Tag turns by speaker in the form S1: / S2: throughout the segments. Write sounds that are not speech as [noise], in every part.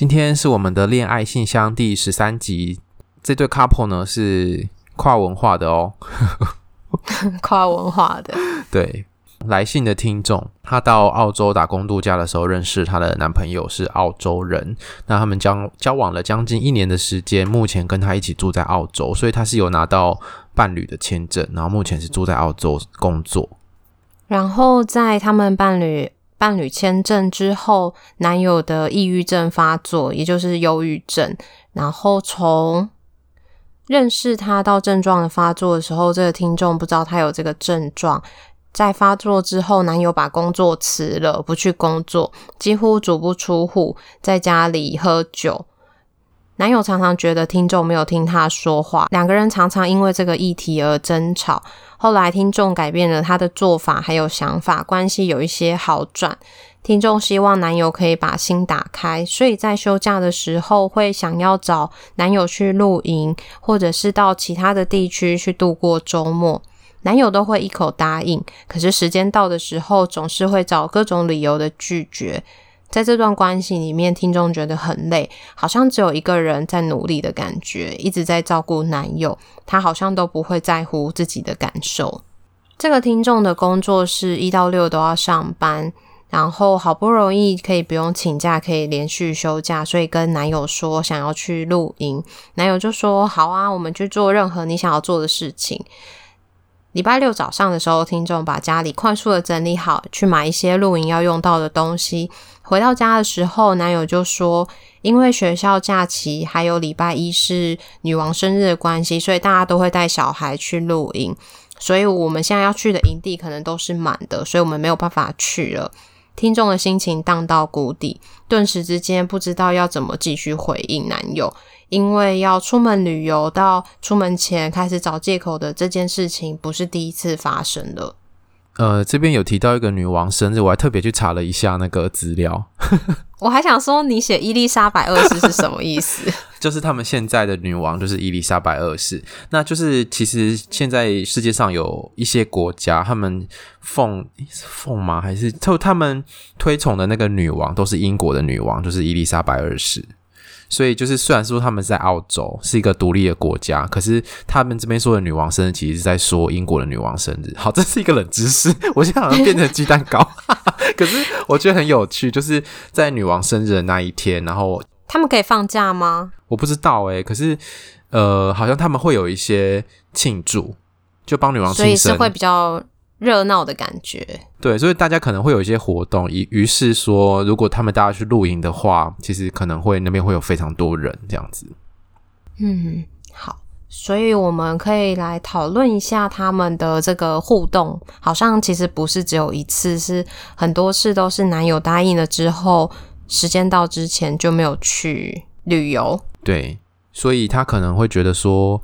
S1: 今天是我們的戀愛信箱第十三集，這對 couple 呢是跨文化的哦，
S2: [laughs] 跨文化的。
S1: 對，來信的聽眾，他到澳洲打工度假的時候認識他的男朋友是澳洲人，那他們將交，交往了將近一年的時間，目前跟他一起住在澳洲，所以他是有拿到伴侶的簽證，然後目前是住在澳洲工作，
S2: 然後在他們伴侶。伴侶簽證之後，男友的抑鬱症發作，也就是憂鬱症。然後從認識他到症狀的發作的時候，這個聽眾不知道他有這個症狀。在發作之後，男友把工作辭了，不去工作，幾乎足不出戶，在家裡喝酒。男友常常覺得聽眾沒有聽他說話，兩個人常常因為這個議題而爭吵。後來聽眾改變了他的做法，還有想法，關係有一些好轉。聽眾希望男友可以把心打開，所以在休假的時候會想要找男友去露營，或者是到其他的地區去度過周末。男友都會一口答應，可是時間到的時候，總是會找各種理由的拒絕。在這段關係裡面，聽眾覺得很累，好像只有一個人在努力的感覺，一直在照顧男友，他好像都不會在乎自己的感受。這個聽眾的工作是一到六都要上班，然後好不容易可以不用請假，可以連續休假，所以跟男友說想要去露營，男友就說好啊，我們去做任何你想要做的事情。禮拜六早上的時候，聽眾把家裡快速的整理好，去買一些露營要用到的東西。回到家的時候，男友就說：“因為學校假期還有禮拜一是女王生日的關係，所以大家都會帶小孩去露營，所以我們現在要去的營地可能都是滿的，所以我們沒有辦法去了。”聽眾的心情盪到谷底，頓時之間不知道要怎麼繼續回應男友，因為要出門旅遊到出門前開始找借口的這件事情不是第一次發生了。
S1: 呃，這邊有提到一個女王生日，我還特別去查了一下那個資料。
S2: [laughs] 我還想說，你寫伊麗莎白二世是什麼意思？
S1: [laughs] 就是他們現在的女王就是伊麗莎白二世，那就是其實現在世界上有一些國家，他們奉奉嗎？還是就他們推崇的那個女王都是英國的女王，就是伊麗莎白二世。所以就是，雖然說他們在澳洲是一個獨立的國家，可是他們這邊說的女王生日，其實是在說英國的女王生日。好，這是一個冷知識，我現在好像變成雞蛋糕， [laughs] [laughs] 可是我覺得很有趣，就是在女王生日的那一天，然後
S2: 他們可以放假嗎？
S1: 我不知道哎、欸，可是呃，好像他們會有一些慶祝，就幫女王慶生，所以是會比
S2: 較。熱鬧的感覺，
S1: 對，所以大家可能會有一些活動，於於是說，如果他們大家去露營的話，其實可能會那邊會有非常多人這樣子。
S2: 嗯，好，所以我們可以來討論一下他們的這個互動。好像其實不是只有一次，是很多次都是男友答應了之後，時間到之前就沒有去旅遊。
S1: 對，所以他可能會覺得說。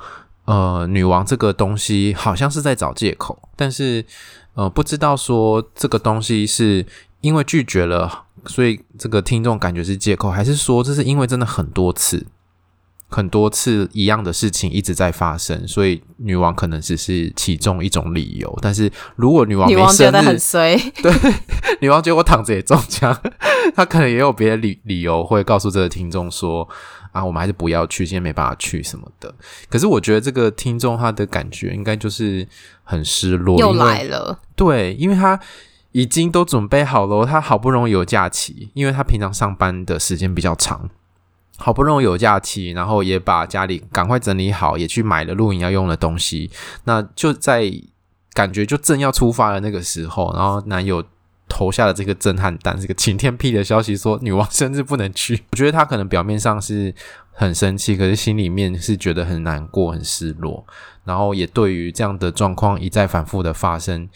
S1: 呃，女王這個東西好像是在找借口，但是，呃，不知道說這個東西是因為拒絕了，所以這個聽眾感覺是借口，還是說這是因為真的很多次。很多次一樣的事情一直在發生，所以女王，可能只是其中一種理由。但是如果女王沒生日，女王覺得，很
S2: 衰。對，
S1: 女王覺得我躺着也中槍。 [laughs] 她可能也有別的理理由會告訴這個聽眾說：“啊，我們還是不要去，現在沒辦法去什麼的。”可是我覺得這個聽眾他的感覺應該就是很失落，又來了。對，因為他已經都準備好了，他好不容易有假期，因為他平常上班的時間比較長。好不容易有假期，然後也把家裡趕快整理好，也去買了露營要用的東西。那就在感覺就正要出發的那個時候，然後男友投下了這個震撼彈，這個晴天霹靂的消息，說女王生日不能去。 [laughs] 我覺得她可能表面上是很生氣，可是心裡面是覺得很難過、很失落。然後也對於這樣的狀況一再反覆的發生，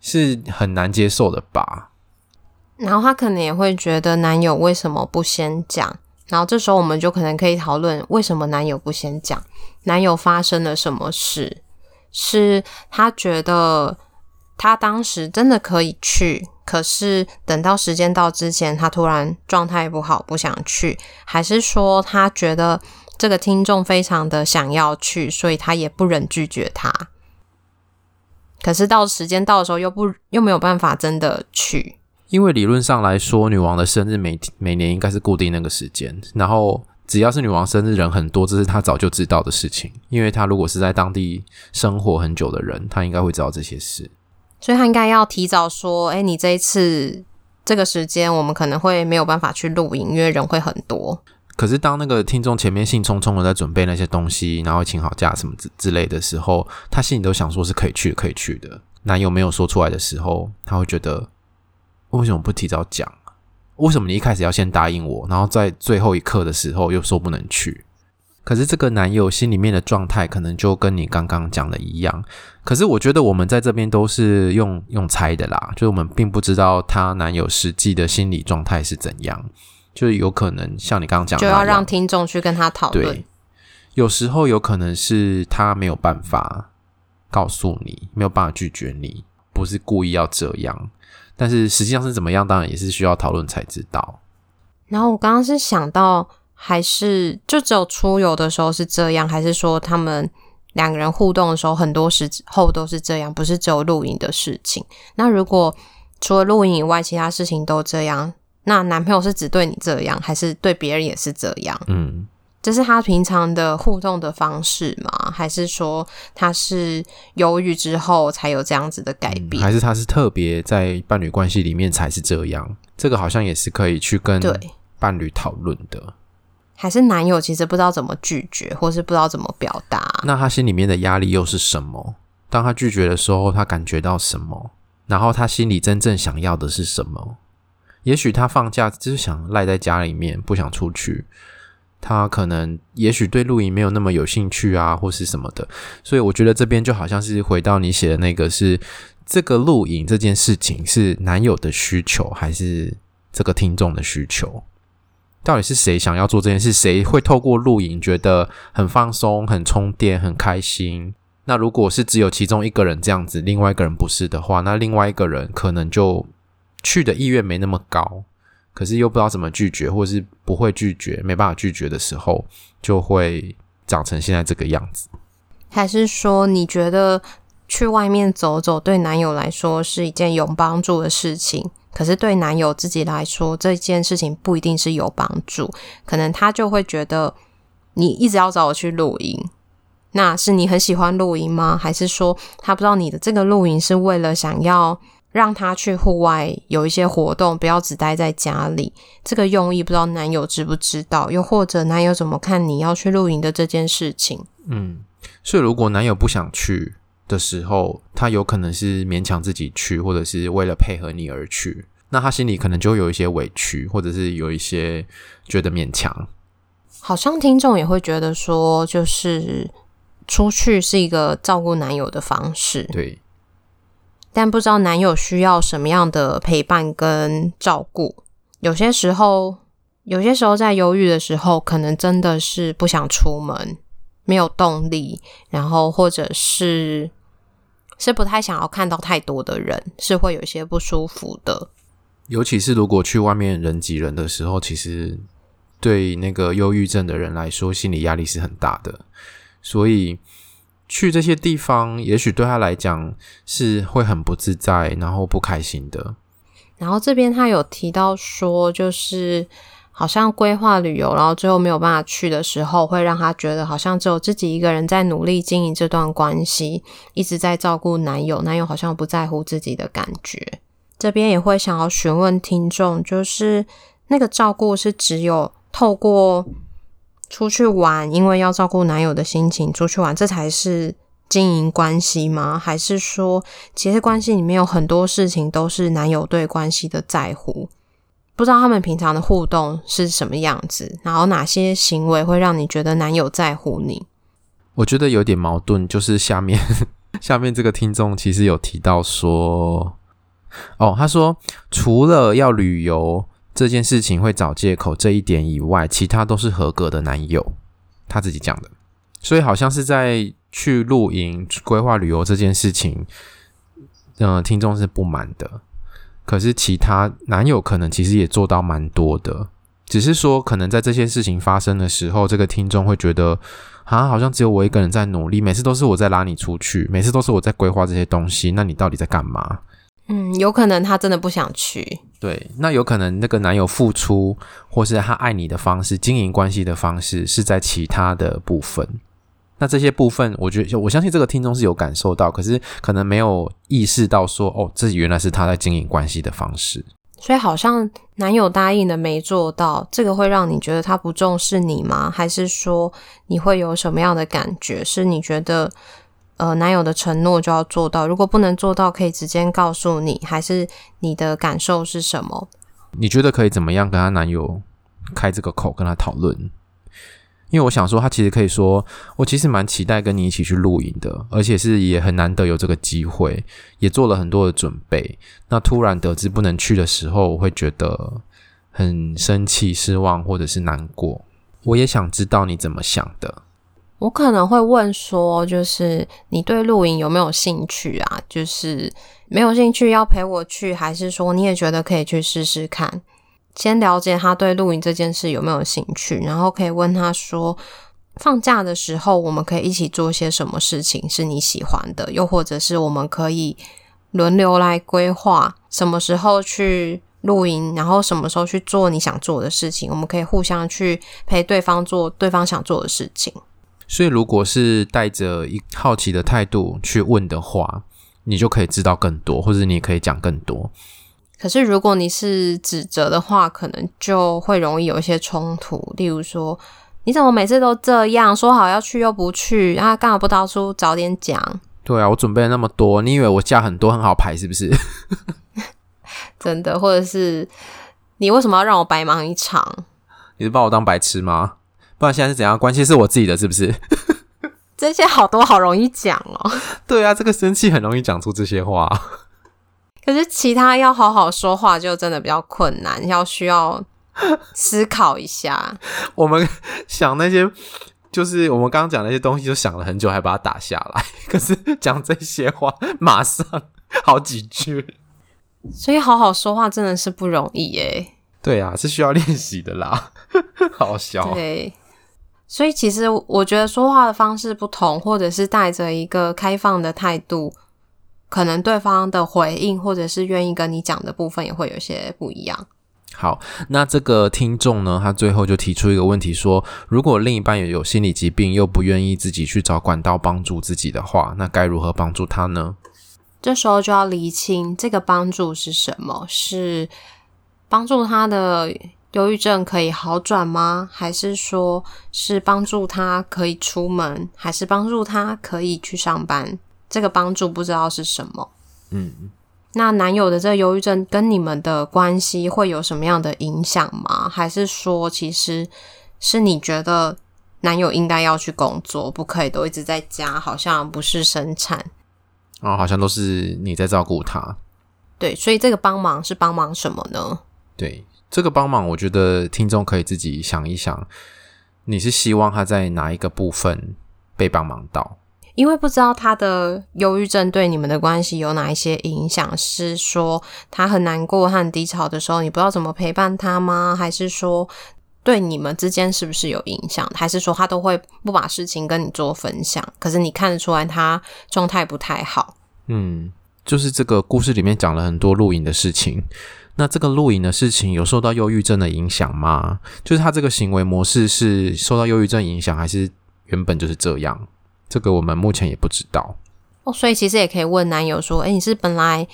S1: 是很難接受的吧？
S2: 然後她可能也會覺得，男友為什麼不先講？然後這時候我們就可能可以討論，為什麼男友不先講，男友發生了什麼事？是他覺得他當時真的可以去，可是等到時間到之前，他突然狀態不好，不想去，還是說他覺得這個聽眾非常的想要去，所以他也不忍拒絕他？可是到時間到的時候，又不又沒有辦法真的去。
S1: 因為理論上來說，女王的生日每每年應該是固定那個時間。然後只要是女王生日，人很多，這是她早就知道的事情。因為她如果是在當地生活很久的人，她應該會知道這些事。
S2: 所以她應該要提早說：“哎，你這一次這個時間，我們可能會沒有辦法去露營，因為人會很多。”
S1: 可是當那個聽眾前面興沖沖的在準備那些東西，然後請好假什麼之之類的時候，候她心裡都想說是可以去可以去的。男友沒有說出來的時候，她會覺得。為什麼不提早講？為什麼你一開始要先答應我，然後在最後一刻的時候又說不能去？可是這個男友心裡面的狀態，可能就跟你剛剛講的一樣。可是我覺得我們在這邊都是用用猜的啦，就是我們並不知道他男友實際的心理狀態是怎樣。就是有可能像你剛剛講的，就要讓
S2: 聽眾去跟他討論。對。
S1: 有時候有可能是他沒有辦法告訴你，沒有辦法拒絕你。不是故意要這樣，但是實際上是怎麼樣，當然也是需要討論才知道。
S2: 然後我剛剛是想到，還是就只有出遊的時候是這樣，還是說他們兩個人互動的時候，很多時候都是這樣，不是只有露營的事情。那如果除了露營以外，其他事情都這樣，那男朋友是只對你這樣，還是對別人也是這樣？嗯。這是他平常的互動的方式嗎？還是說他是憂鬱之後才有這樣子的改變？嗯，還是
S1: 他是特別在伴侶關係裡面才是這樣？這個好像也是可以去跟伴侶討論的。
S2: 還是男友其實不知道怎麼拒絕，或是不知道怎麼表達？
S1: 那他心裡面的壓力又是什麼？當他拒絕的時候，他感覺到什麼？然後他心裡真正想要的是什麼？也許他放假就是想賴在家裡面，不想出去。他可能也許對露營沒有那麼有興趣啊，或是什麼的，所以我覺得這邊就好像是回到你寫的那個是，是這個露營這件事情是男友的需求還是這個聽眾的需求？到底是誰想要做這件事？誰會透過露營覺得很放鬆、很充電、很開心？那如果是只有其中一個人這樣子，另外一個人不是的話，那另外一個人可能就去的意願沒那麼高。可是又不知道怎麼拒絕，或者是不會拒絕，沒辦法拒絕的時候，就會長成現在這個樣子。
S2: 還是說你覺得去外面走走對男友來說是一件有幫助的事情？可是對男友自己來說，這件事情不一定是有幫助。可能他就會覺得你一直要找我去露營，那是你很喜歡露營嗎？還是說他不知道你的這個露營是為了想要？讓他去戶外有一些活動，不要只待在家裡。這個用意不知道男友知不知道，又或者男友怎麼看你要去露營的這件事情。
S1: 嗯，所以如果男友不想去的時候，他有可能是勉強自己去，或者是為了配合你而去。那他心裡可能就有一些委屈，或者是有一些覺得勉強。
S2: 好像聽眾也會覺得說，就是出去是一個照顧男友的方式。對。但不知道男友需要什麼樣的陪伴跟照顧。有些時候，有些時候在憂鬱的時候，可能真的是不想出門，沒有動力，然後或者是是不太想要看到太多的人，是會有些不舒服的。
S1: 尤其是如果去外面人擠人的時候，其實對那個憂鬱症的人來說，心理壓力是很大的。所以。去這些地方，也許對他來講是會很不自在，然後不開心的。
S2: 然後這邊他有提到說，就是好像規劃旅遊，然後最後沒有辦法去的時候，會讓他覺得好像只有自己一個人在努力經營這段關係，一直在照顧男友，男友好像不在乎自己的感覺。這邊也會想要詢問聽眾，就是那個照顧是只有透過出去玩，因為要照顧男友的心情，出去玩，這才是經營關係嗎？還是說，其實關係裡面有很多事情都是男友對關係的在乎？不知道他們平常的互動是什麼樣子，然後哪些行為會讓你覺得男友在乎你？
S1: 我覺得有點矛盾，就是下面下面這個聽眾其實有提到說，哦，他說除了要旅遊，這件事情會找借口這一點以外，其他都是合格的男友，他自己講的。所以好像是在去露營、規劃旅遊這件事情，嗯、呃，聽眾是不滿的。可是其他男友可能其實也做到蠻多的，只是說可能在這些事情發生的時候，這個聽眾會覺得啊，好像只有我一個人在努力，每次都是我在拉你出去，每次都是我在規劃這些東西，那你到底在幹嘛？
S2: 嗯，有可能他真的不想去。
S1: 對，那有可能那個男友付出，或是他愛你的方式、經營關係的方式是在其他的部分。那這些部分，我覺得我相信這個聽眾是有感受到，可是可能沒有意識到說，哦，這原來是他在經營關係的方式。
S2: 所以好像男友答應的沒做到，這個會讓你覺得他不重視你嗎？還是說你會有什麼樣的感覺？是你覺得……呃，男友的承諾就要做到。如果不能做到，可以直接告訴你，還是你的感受是什麼？
S1: 你覺得可以怎麼樣跟他男友開這個口，跟他討論？因為我想說，他其實可以說，我其實蠻期待跟你一起去露營的，而且是也很難得有這個機會，也做了很多的準備。那突然得知不能去的時候，我會覺得很生氣、失望，或者是難過。我也想知道你怎麼想的。
S2: 我可能會問說，就是你對露營有沒有興趣啊？就是沒有興趣要陪我去，還是說你也覺得可以去試試看？先了解他對露營這件事有沒有興趣，然後可以問他說，放假的時候我們可以一起做些什麼事情是你喜歡的？又或者是我們可以輪流來規劃什麼時候去露營，然後什麼時候去做你想做的事情？我們可以互相去陪對方做對方想做的事情。
S1: 所以，如果是帶着一好奇的態度去問的話，你就可以知道更多，或者你也可以講更多。
S2: 可是，如果你是指責的話，可能就會容易有一些衝突。例如說，你怎麼每次都這樣說好要去又不去啊？幹嘛不當初早點講？
S1: 對啊，我準備了那麼多，你以為我假很多很好排是不是？
S2: [laughs] [laughs] 真的？或者是你為什麼要讓我白忙一場？
S1: 你是把我當白痴嗎？不然現在是怎樣？關係是我自己的，是不是？
S2: [laughs] 這些好多好容易講哦。
S1: 對啊，這個生氣很容易講出這些話。
S2: 可是其他要好好說話，就真的比較困難，要需要思考一下。
S1: [laughs] 我們想那些，就是我們剛剛講那些東西，就想了很久，還把它打下來。可是講這些話，馬上好幾句。
S2: 所以好好說話真的是不容易耶。
S1: 對啊，是需要練習的啦。 [laughs] 好笑。對。
S2: 所以，其實我覺得說話的方式不同，或者是帶着一個開放的態度，可能對方的回應，或者是願意跟你講的部分，也會有些不一樣。
S1: 好，那這個聽眾呢，他最後就提出一個問題說：如果另一半有心理疾病，又不願意自己去找管道幫助自己的話，那該如何幫助他呢？
S2: 這時候就要釐清這個幫助是什麼，是幫助他的。憂鬱症可以好轉嗎？還是說是幫助他可以出門，還是幫助他可以去上班？這個幫助不知道是什麼。嗯，那男友的這個憂鬱症跟你們的關係會有什麼樣的影響嗎？還是說，其實是你覺得男友應該要去工作，不可以都一直在家，好像不是生產
S1: 啊？哦，好像都是你在照顧他。
S2: 對，所以這個幫忙是幫忙什麼呢？
S1: 對。這個幫忙，我覺得聽眾可以自己想一想，你是希望他在哪一個部分被幫忙到？
S2: 因為不知道他的憂鬱症對你們的關係有哪一些影響？是說他很難過和低潮的時候，你不知道怎麼陪伴他嗎？還是說，對你們之間是不是有影響？還是說他都會不把事情跟你做分享？可是你看得出來他狀態不太好。
S1: 嗯。就是這個故事裡面講了很多露營的事情，那這個露營的事情有受到憂鬱症的影響嗎？就是他這個行為模式是受到憂鬱症影響，還是原本就是這樣？這個我們目前也不知道
S2: 哦。所以其實也可以問男友說：“誒、欸，你是本來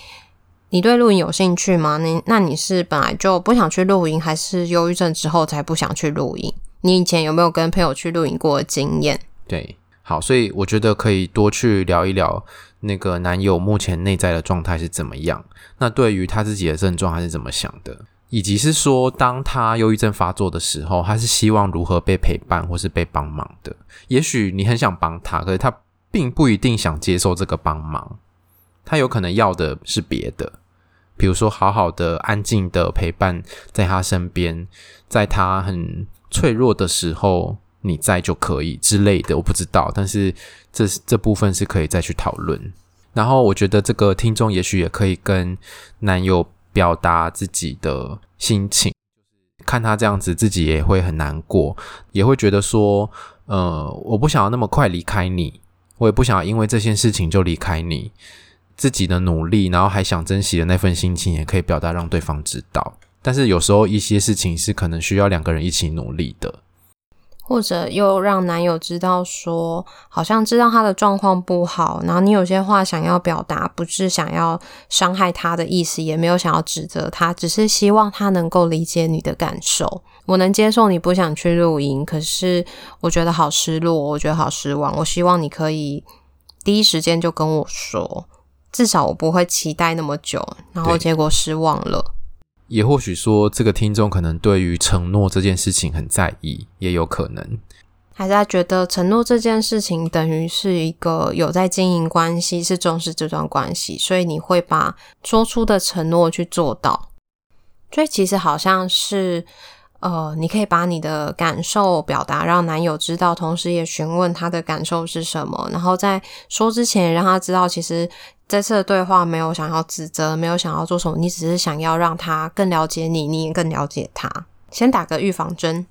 S2: 你對露營有興趣嗎？你那你是本來就不想去露營，還是憂鬱症之後才不想去露營？你以前有沒有跟朋友去露營過的經驗？”
S1: 對，好，所以我覺得可以多去聊一聊。那個男友目前內在的狀態是怎麼樣？那對於他自己的症狀他是怎麼想的？以及是說，當他憂鬱症發作的時候，他是希望如何被陪伴或是被幫忙的？也許你很想幫他，可是他並不一定想接受這個幫忙，他有可能要的是別的，比如說好好的、安靜的陪伴在他身邊，在他很脆弱的時候。你在就可以之類的，我不知道，但是這這部分是可以再去討論。然後我覺得這個聽眾也許也可以跟男友表達自己的心情，就是看他這樣子，自己也會很難過，也會覺得說，呃，我不想要那麼快離開你，我也不想要因為這件事情就離開你。自己的努力，然後還想珍惜的那份心情，也可以表達讓對方知道。但是有時候一些事情是可能需要兩個人一起努力的。
S2: 或者又讓男友知道說，好像知道他的狀況不好，然後你有些話想要表達，不是想要傷害他的意思，也沒有想要指責他，只是希望他能夠理解你的感受。我能接受你不想去露營，可是我覺得好失落，我覺得好失望。我希望你可以第一時間就跟我說，至少我不會期待那麼久，然後結果失望了。
S1: 也或許說，這個聽眾可能對於承諾這件事情很在意，也有可能
S2: 還是覺得承諾這件事情等於是一個有在經營關係，是重視這段關係，所以你會把說出的承諾去做到。所以其實好像是。呃，你可以把你的感受表達讓男友知道，同時也詢問他的感受是什麼。然後在說之前，讓他知道其實這次的對話沒有想要指責，沒有想要做什麼，你只是想要讓他更了解你，你也更了解他。先打個預防針，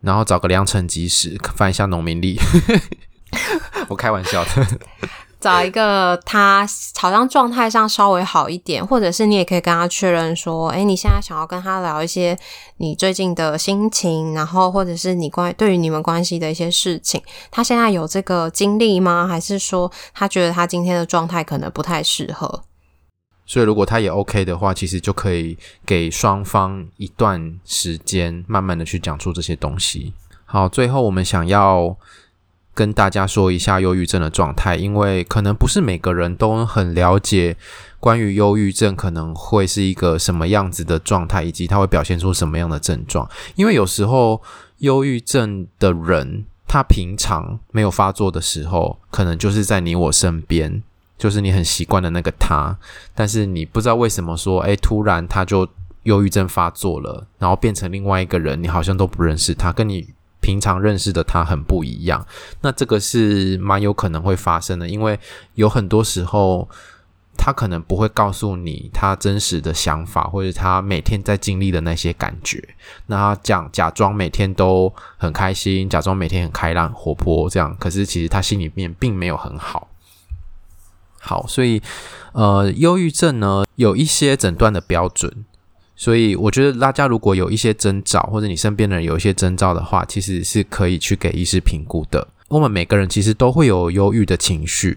S1: 然後找個良辰吉時，翻一下農民曆。 [laughs] 我開玩笑的。 [laughs]
S2: 找一個他好像狀態上稍微好一點，或者是你也可以跟他確認說，誒，你現在想要跟他聊一些你最近的心情，然後或者是你關對於你們關係的一些事情，他現在有這個精力嗎？還是說他覺得他今天的狀態可能不太適合？
S1: 所以如果他也 OK 的話，其實就可以給雙方一段時間，慢慢的去講出這些東西。好，最後我們想要。跟大家說一下憂鬱症的狀態，因為可能不是每個人都很了解關於憂鬱症可能會是一個什麼樣子的狀態，以及它會表現出什麼樣的症狀。因為有時候憂鬱症的人，他平常沒有發作的時候，可能就是在你我身邊，就是你很習慣的那個他。但是你不知道為什麼說，欸，突然他就憂鬱症發作了，然後變成另外一個人，你好像都不認識他，跟你。平常認識的他很不一樣，那這個是蠻有可能會發生的，因為有很多時候他可能不會告訴你他真實的想法，或者他每天在經歷的那些感覺。那他講假裝每天都很開心，假裝每天很開朗、活潑這樣，可是其實他心裡面並沒有很好。好，所以呃，憂鬱症呢，有一些診斷的標準。所以，我覺得大家如果有一些徵兆，或者你身邊的人有一些徵兆的話，其實是可以去給醫師評估的。我們每個人其實都會有憂鬱的情緒，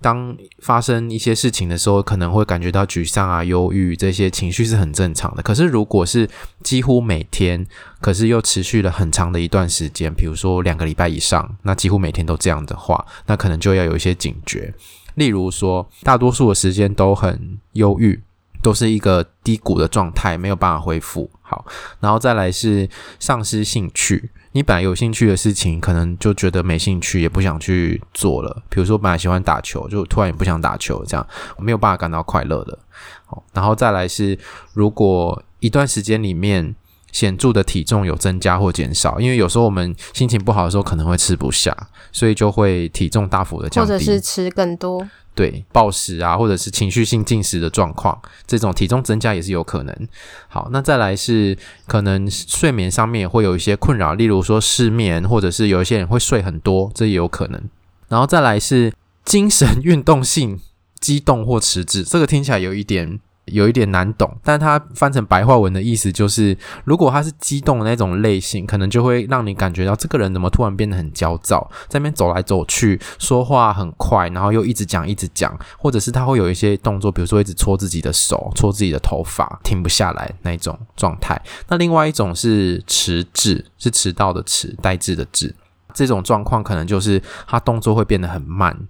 S1: 當發生一些事情的時候，可能會感覺到沮喪啊、憂鬱這些情緒是很正常的。可是，如果是幾乎每天，可是又持續了很長的一段時間，比如說兩個禮拜以上，那幾乎每天都這樣的話，那可能就要有一些警覺。例如說，大多數的時間都很憂鬱。都是一個低谷的狀態，沒有辦法恢復。好，然後再來是喪失興趣，你本來有興趣的事情，可能就覺得沒興趣，也不想去做了。比如說，本來喜歡打球，就突然也不想打球，這樣沒有辦法感到快樂的。好，然後再來是，如果一段時間裡面顯著的體重有增加或減少，因為有時候我們心情不好的時候可能會吃不下，所以就會體重大幅的降低，或者是
S2: 吃更多。
S1: 對，暴食啊，或者是情緒性進食的狀況，這種體重增加也是有可能。好，那再來是可能睡眠上面會有一些困擾，例如說失眠，或者是有一些人會睡很多，這也有可能。然後再來是精神運動性激動或遲滯，這個聽起來有一點。有一點難懂，但他翻成白話文的意思就是，如果他是激動的那種類型，可能就會讓你感覺到這個人怎麼突然變得很焦躁，在那邊走來走去，說話很快，然後又一直講一直講，或者是他會有一些動作，比如說一直搓自己的手、搓自己的頭髮，停不下來那種狀態。那另外一種是遲滯，是遲到的遲、呆滯的滯，這種狀況可能就是他動作會變得很慢，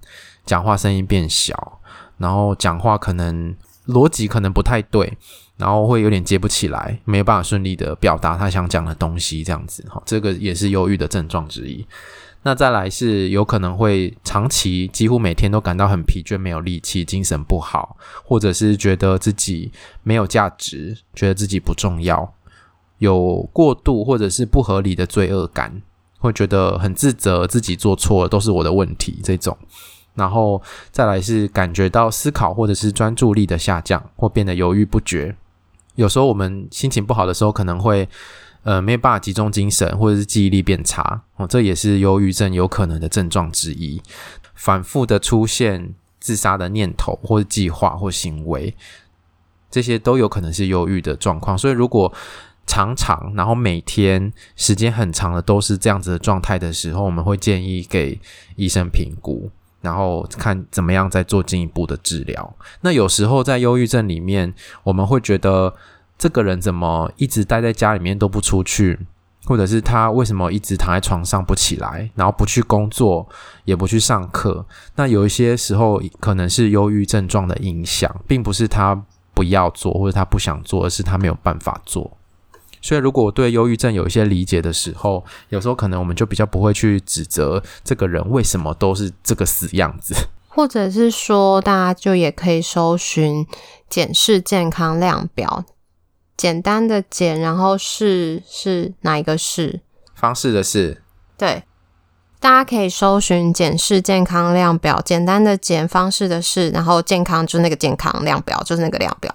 S1: 講話聲音變小，然後講話可能，邏輯可能不太對，然後會有點接不起來，沒有辦法順利的表達他想講的東西，這樣子哈，這個也是憂鬱的症狀之一。那再來是有可能會長期幾乎每天都感到很疲倦，沒有力氣，精神不好，或者是覺得自己沒有價值，覺得自己不重要，有過度或者是不合理的罪惡感，會覺得很自責，自己做錯了都是我的問題，這種。然後再來是感覺到思考或者是專注力的下降，或變得猶豫不決。有時候我們心情不好的時候，可能會呃沒有辦法集中精神，或者是記憶力變差哦，這也是憂鬱症有可能的症狀之一。反覆的出現自殺的念頭或計劃或行為，這些都有可能是憂鬱的狀況。所以如果常常，然後每天，時間很長的都是這樣子的狀態的時候，我們會建議給醫生評估。然後看怎麼樣再做進一步的治療。那有時候在憂鬱症裡面，我們會覺得這個人怎麼一直待在家裡面都不出去，或者是他為什麼一直躺在床上不起來，然後不去工作，也不去上課。那有一些時候可能是憂鬱症狀的影響，並不是他不要做，或者他不想做，而是他沒有辦法做。所以，如果我對憂鬱症有一些理解的時候，有時候可能我們就比較不會去指責這個人為什麼都是這個死樣子，
S2: 或者是說大家就也可以搜尋簡式健康量表，簡單的簡，然後是是哪一個式？
S1: 方式的式，
S2: 對，大家可以搜尋簡式健康量表，簡單的簡，方式的式，然後健康就是那個健康量表，就是那個量表。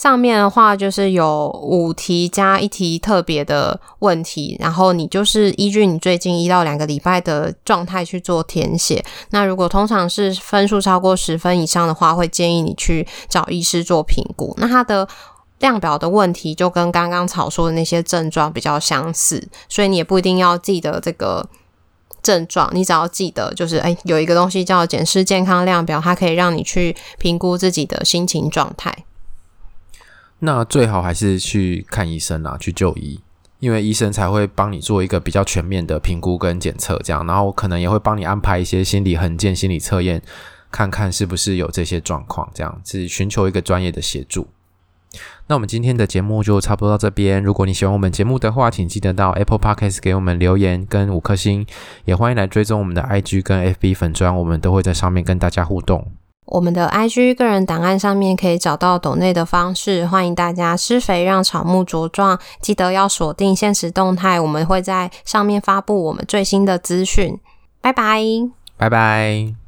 S2: 上面的話就是有五題加一題特別的問題，然後你就是依據你最近一到兩個禮拜的狀態去做填寫。那如果通常是分數超過十分以上的話，會建議你去找醫師做評估。那它的量表的問題就跟剛剛草說的那些症狀比較相似，所以你也不一定要記得這個症狀，你只要記得就是，哎、欸，有一個東西叫簡式健康量表，它可以讓你去評估自己的心情狀態。
S1: 那最好還是去看醫生啦，去就醫，因為醫生才會幫你做一個比較全面的評估跟檢測，這樣，然後我可能也會幫你安排一些心理衡鑑、心理測驗，看看是不是有這些狀況，這樣子，尋求一個專業的協助。那我們今天的節目就差不多到這邊，如果你喜歡我們節目的話，請記得到 Apple Podcast 給我們留言跟五顆星，也歡迎來追蹤我們的 IG 跟 FB 粉專。我們都會在上面跟大家互動。
S2: 我們的 IG 個人檔案上面可以找到抖內的方式，歡迎大家施肥讓草木茁壯，記得要鎖定限時動態，我們會在上面發布我們最新的資訊。拜拜，
S1: 拜拜。